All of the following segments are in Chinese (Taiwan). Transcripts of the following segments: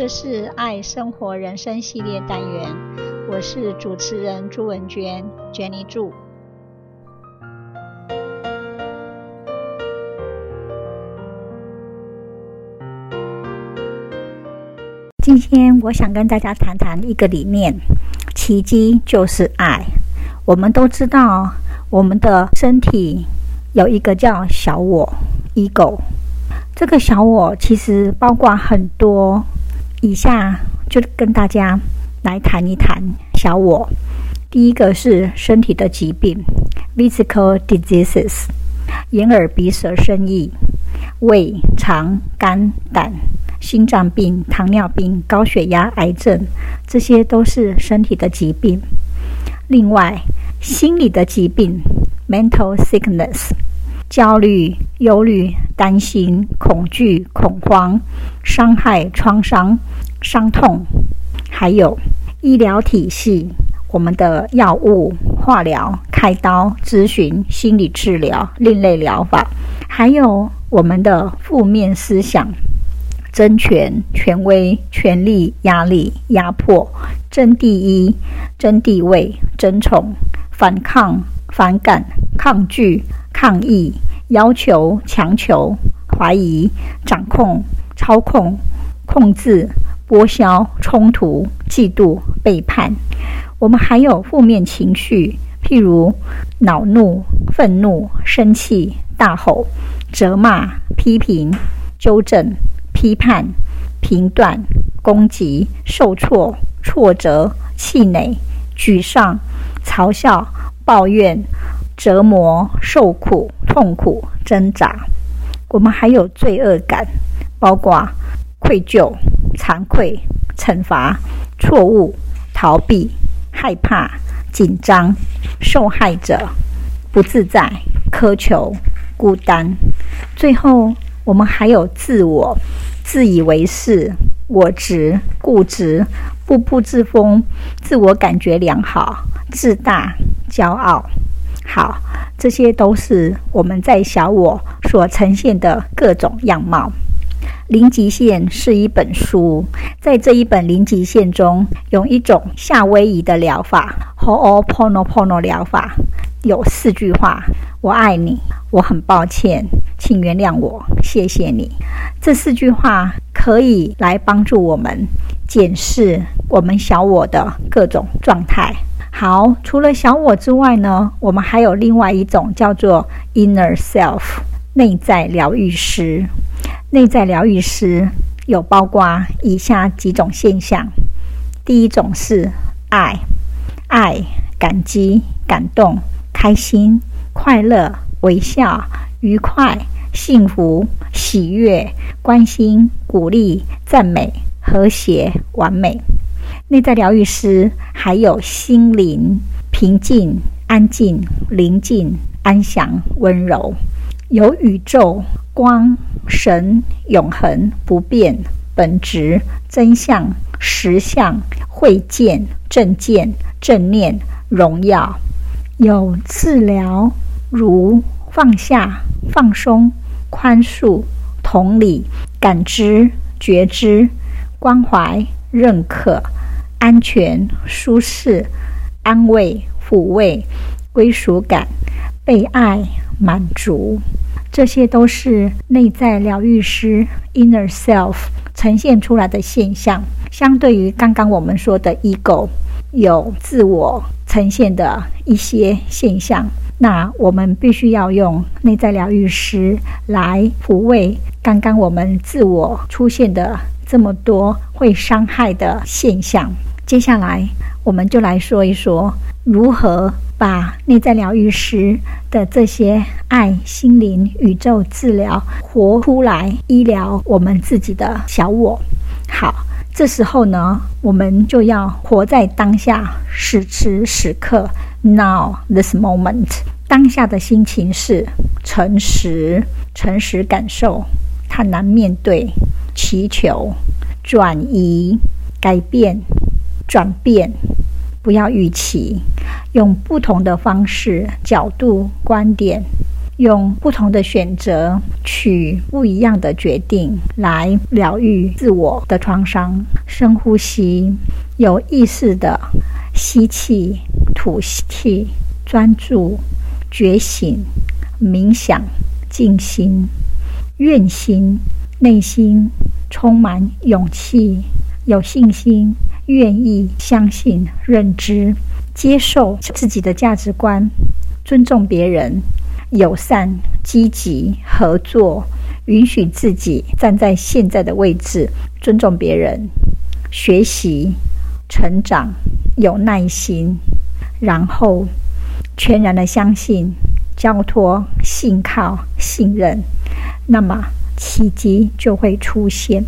這是愛生活人生系列單元，我是主持人朱文娟，Jenny Zhu。今天我想跟大家談談一個理念：奇蹟就是愛。我們都知道，我們的身體有一個叫小我 （ego），這個小我其實包括很多。以下就跟大家來談一談小我。第一個是身體的疾病 （physical diseases），眼耳鼻舌身意、胃腸、肝膽、心臟病、糖尿病、高血壓、癌症，這些都是身體的疾病。另外，心理的疾病 （mental sickness）。焦慮、憂慮、擔心、恐懼、恐慌、傷害、創傷、傷痛、還有醫療體系，我們的藥物、化療、開刀、諮詢、心理治療、另類療法、還有我們的負面思想，爭權、權威、權力、壓力、壓迫、爭第一、爭地位、爭寵、反抗、反感、抗拒。抗議、要求、強求、懷疑、掌控、操控、控制、剝削、衝突、嫉妒、背叛。我們還有負面情緒，譬如惱怒、憤怒、生氣、大吼、責罵、批評、糾正、批判、評斷、攻擊、受挫、挫折、氣餒、沮喪、嘲笑、抱怨。折磨、受苦、痛苦、掙扎，我們還有罪惡感，包括愧疚、慚愧、懲罰、錯誤、逃避、害怕、緊張、受害者、不自在、苛求、孤單。最後，我們還有自我，自以為是、我執、固執、故步自封、自我感覺良好、自大、驕傲。好，這些都是我們在小我所呈現的各種樣貌。零極限是一本書，在這一本零極限中，有一種夏威夷的療法，荷歐波諾波諾療法，有四句話：我愛你，我很抱歉，請原諒我，謝謝你。這四句話可以來幫助我們檢視我們小我的各種狀態。好，除了小我之外呢，我們還有另外一種叫做 inner self 內在療癒師。內在療癒師有包括以下幾種現象：第一種是愛、愛、感激、感動、開心、快樂、微笑、愉快、幸福、喜悅、關心、鼓勵、讚美、和諧、完美。內在療癒師，還有心靈平靜、安靜、寧靜、安詳、溫柔；有宇宙光、神、永恆不變、本質、真相、實相、慧見、正見、正念、榮耀；有治療，如放下、放鬆、寬恕、同理、感知、覺知、關懷、認可。安全、舒適、安慰、撫慰、歸屬感、被愛、滿足，這些都是內在療癒師 （inner self） 呈現出來的現象。相對於剛剛我們說的 ego 有自我呈現的一些現象，那我們必須要用內在療癒師來撫慰剛剛我們自我出現的這麼多會傷害的現象。接下來，我們就來說一說如何把內在療癒師的這些愛、心靈、宇宙治療活出來，醫療我們自己的小我。好，這時候呢，我們就要活在當下，此時此刻 （now this moment）。當下的心情是誠實，誠實感受，坦然面對，祈求，轉移，改變。轉變，不要預期，用不同的方式、角度、觀點，用不同的選擇取不一樣的決定，來療癒自我的創傷。深呼吸，有意識的吸氣、吐氣，專注、覺醒、冥想、靜心、願心，內心充滿勇氣、有信心。願意相信、認知、接受自己的價值觀，尊重別人，友善、積極、合作，允許自己站在現在的位置，尊重別人，學習、成長，有耐心，然後全然的相信、交託、信靠、信任，那麼奇蹟就會出現。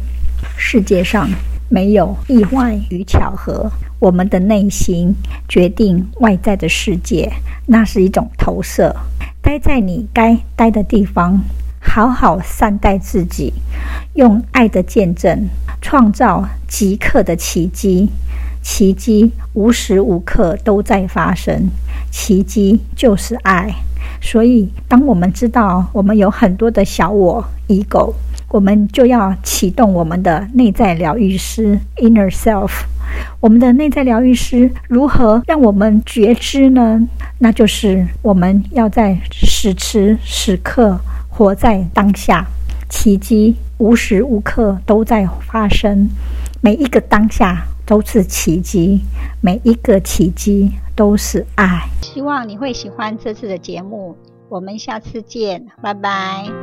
世界上。沒有意外與巧合，我們的內心決定外在的世界，那是一種投射。待在你該待的地方，好好善待自己，用愛的見證創造即刻的奇蹟。奇蹟無時無刻都在發生，奇蹟就是愛。所以，當我們知道我們有很多的小我 Ego。我們就要啟動我們的內在療癒師 （Inner Self）。我們的內在療癒師如何讓我們覺知呢？那就是我們要在此時此刻活在當下，奇蹟無時無刻都在發生，每一個當下都是奇蹟，每一個奇蹟都是愛。希望你會喜歡這次的節目，我們下次見，拜拜。